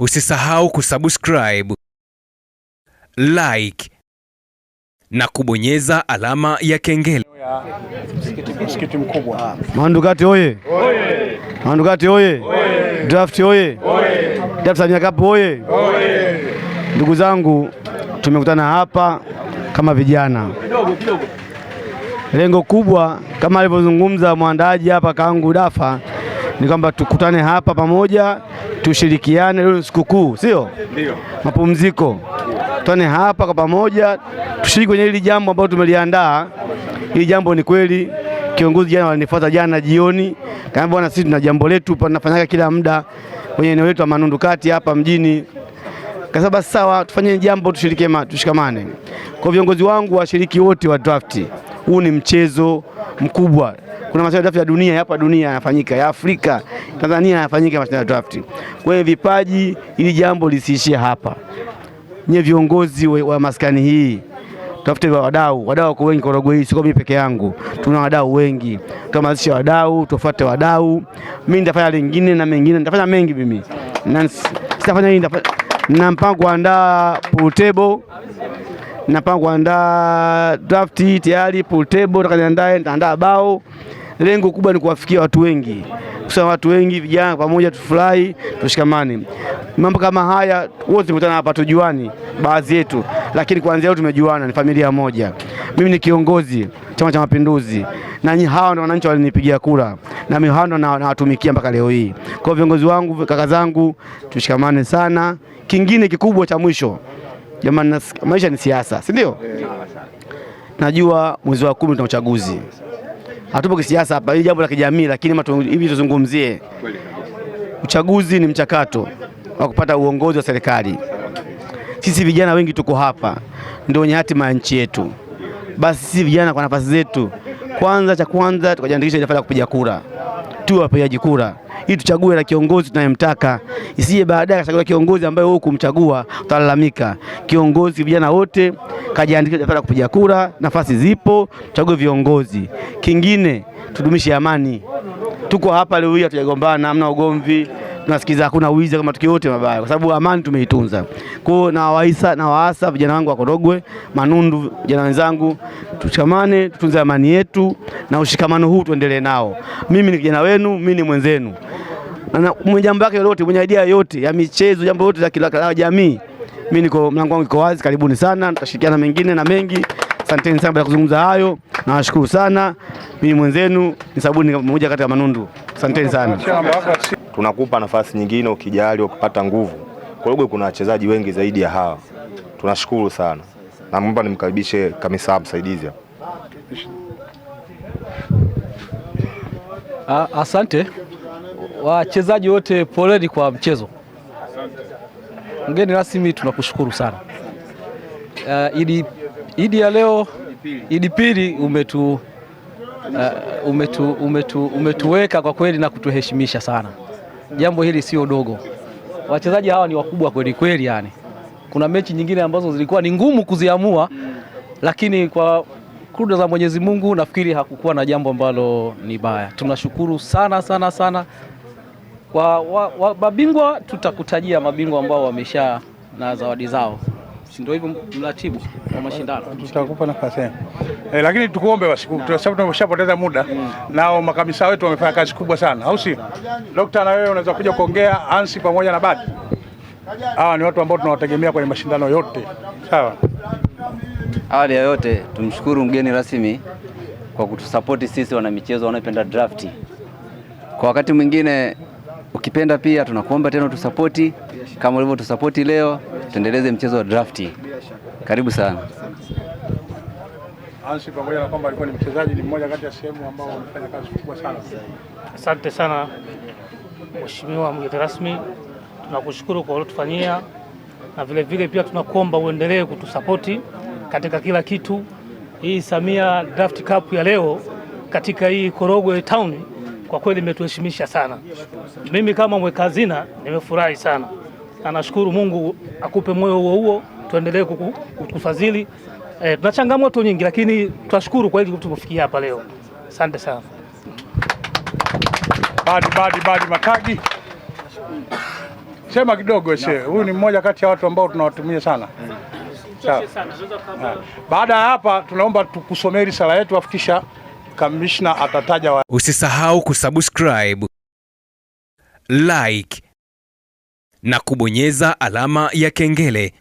Usisahau kusubscribe, like na kubonyeza alama ya kengele. Msikiti mkubwa Mandukati oye! Mandukati oye! Draft oye! Draft Samia Cup oye! Ndugu zangu, tumekutana hapa kama vijana, lengo kubwa kama alivyozungumza mwandaaji hapa kangu Dafa ni kwamba tukutane hapa pamoja, tushirikiane. Leo ni sikukuu, sio ndio? Mapumziko, tukutane hapa kwa pamoja, tushiriki kwenye hili jambo ambalo tumeliandaa. Hili jambo ni kweli, kiongozi jana walinifuata jana jioni, kama bwana, sisi tuna jambo letu tunafanyaga kila muda kwenye eneo letu la Manundu Kati hapa mjini Kasaba. Basi sawa, tufanye jambo, tushirike, tushikamane. Kwa viongozi wangu, washiriki wote wa drafti, huu ni mchezo mkubwa kuna mashindano ya draft ya dunia hapa, dunia yanafanyika, ya Afrika, Tanzania yanafanyika mashindano ya draft. Kwa hiyo vipaji, ili jambo lisiishie hapa. Nye viongozi wa, wa maskani hii tafute wadau, wadau wako wengi Korogwe hii, siko mimi peke yangu, tuna wadau wengi. Tuhamasishe wadau, tufuate wadau. Mimi nitafanya lingine na mengine, nitafanya mengi mimi, na sitafanya hii, nitafanya na mpango kuandaa pool table napanga kuandaa drafti tayari, pool table takaniandae, nitaandaa bao. Lengo kubwa ni kuwafikia watu wengi, kusema watu wengi, vijana pamoja, tufurahi, tushikamane. Mambo kama haya, wote tumekutana hapa, tujuani baadhi yetu, lakini kuanzia leo tumejuana, ni familia moja. Mimi ni kiongozi Chama cha Mapinduzi na nyinyi hawa ndio wananchi walinipigia kura na mimi hawa ndio nawatumikia mpaka leo hii. Kwa viongozi wangu, kaka zangu, tushikamane sana. Kingine kikubwa cha mwisho Jamani, maisha ni siasa, si ndio? Najua mwezi wa kumi tuna uchaguzi, hatupo kisiasa hapa, hili jambo la kijamii, lakini hivi tuzungumzie. Uchaguzi ni mchakato wa kupata uongozi wa serikali. Sisi vijana wengi tuko hapa, ndio wenye hatima ya nchi yetu. Basi sisi vijana kwa nafasi zetu kwanza cha kwanza tukajiandikisha daftari la kupiga kura, tu wapigaji kura ili tuchague na kiongozi tunayemtaka, isije baadaye kachagua kiongozi ambaye wewe kumchagua utalalamika. Kiongozi, vijana wote kajiandikisha daftari la kupiga kura, nafasi zipo, tuchague viongozi. Kingine tudumishe amani. Tuko hapa leo hii, hatujagombana, hamna ugomvi tunasikiza hakuna wizi kama tukio yote mabaya, kwa sababu amani tumeitunza. Kwa hiyo na waisa na waasa vijana wangu wa Korogwe, Manundu, vijana wenzangu, tushikamane, tutunze amani yetu na ushikamano huu tuendelee nao. Mimi ni kijana wenu, mimi ni mwenzenu, na, mwenye jambo yake lolote, mwenye idea yote ya michezo, jambo lote la kila jamii, mimi niko mlango wangu iko wazi. Karibuni sana, tutashirikiana mengine na mengi. Asanteni sana kwa kuzungumza hayo, nawashukuru sana. Mimi mwenzenu ni Sabuni, moja kati ya Manundu. Asanteni sana tunakupa nafasi nyingine ukijali ukipata nguvu. Kwa hiyo kuna wachezaji wengi zaidi ya hawa, tunashukuru sana. Naomba nimkaribishe kamisa msaidizi ah, Asante wachezaji wote, poleni kwa mchezo. Mgeni rasmi, tunakushukuru sana. Uh, idi, idi ya leo idi pili umetu, uh, umetu, umetu, umetuweka kwa kweli na kutuheshimisha sana. Jambo hili sio dogo, wachezaji hawa ni wakubwa kweli kweli. Yani kuna mechi nyingine ambazo zilikuwa ni ngumu kuziamua, lakini kwa kuda za Mwenyezi Mungu nafikiri hakukuwa na jambo ambalo ni baya. Tunashukuru sana sana sana kwa wa, wa, mabingwa. Tutakutajia mabingwa ambao wamesha na zawadi zao si ndio hivyo mratibu wa mashindano, tutakupa nafasi eh, lakini tukuombe basi kwa sababu tumeshapoteza muda mm. Nao makamisa wetu wamefanya kazi kubwa sana, au si Dokta? Na wewe unaweza kuja kuongea ansi pamoja na badi. Hawa ni watu ambao tunawategemea kwenye mashindano yote. Sawa. Awali ya yote tumshukuru mgeni rasmi kwa kutusapoti sisi wanamichezo wanaopenda drafti. Kwa wakati mwingine ukipenda pia tunakuomba tena utusapoti kama ulivyotusapoti leo tuendeleze mchezo wa drafti. Karibu sana. Ansi, pamoja na kwamba alikuwa ni mchezaji, ni mmoja kati ya sehemu ambao wamefanya kazi kubwa sana. Asante sana Mheshimiwa mgeni rasmi, tunakushukuru kwa uliotufanyia na vile vile pia tunakuomba uendelee kutusapoti katika kila kitu. Hii Samia Draft Cup ya leo katika hii Korogwe Town kwa kweli imetuheshimisha sana. Mimi kama mweka hazina nimefurahi sana na nashukuru Mungu akupe moyo huo huo, tuendelee kukufadhili. E, eh, tuna changamoto nyingi, lakini tunashukuru kwa hili tumefikia hapa leo. Asante sana badi badi badi Makagi, sema kidogo she. Huyu ni mmoja kati ya watu ambao tunawatumia sana ah. Baada ya hapa tunaomba tukusomee risala yetu afikisha kamishna atataja wa... Usisahau kusubscribe, like na kubonyeza alama ya kengele